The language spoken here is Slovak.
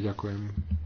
Ďakujem.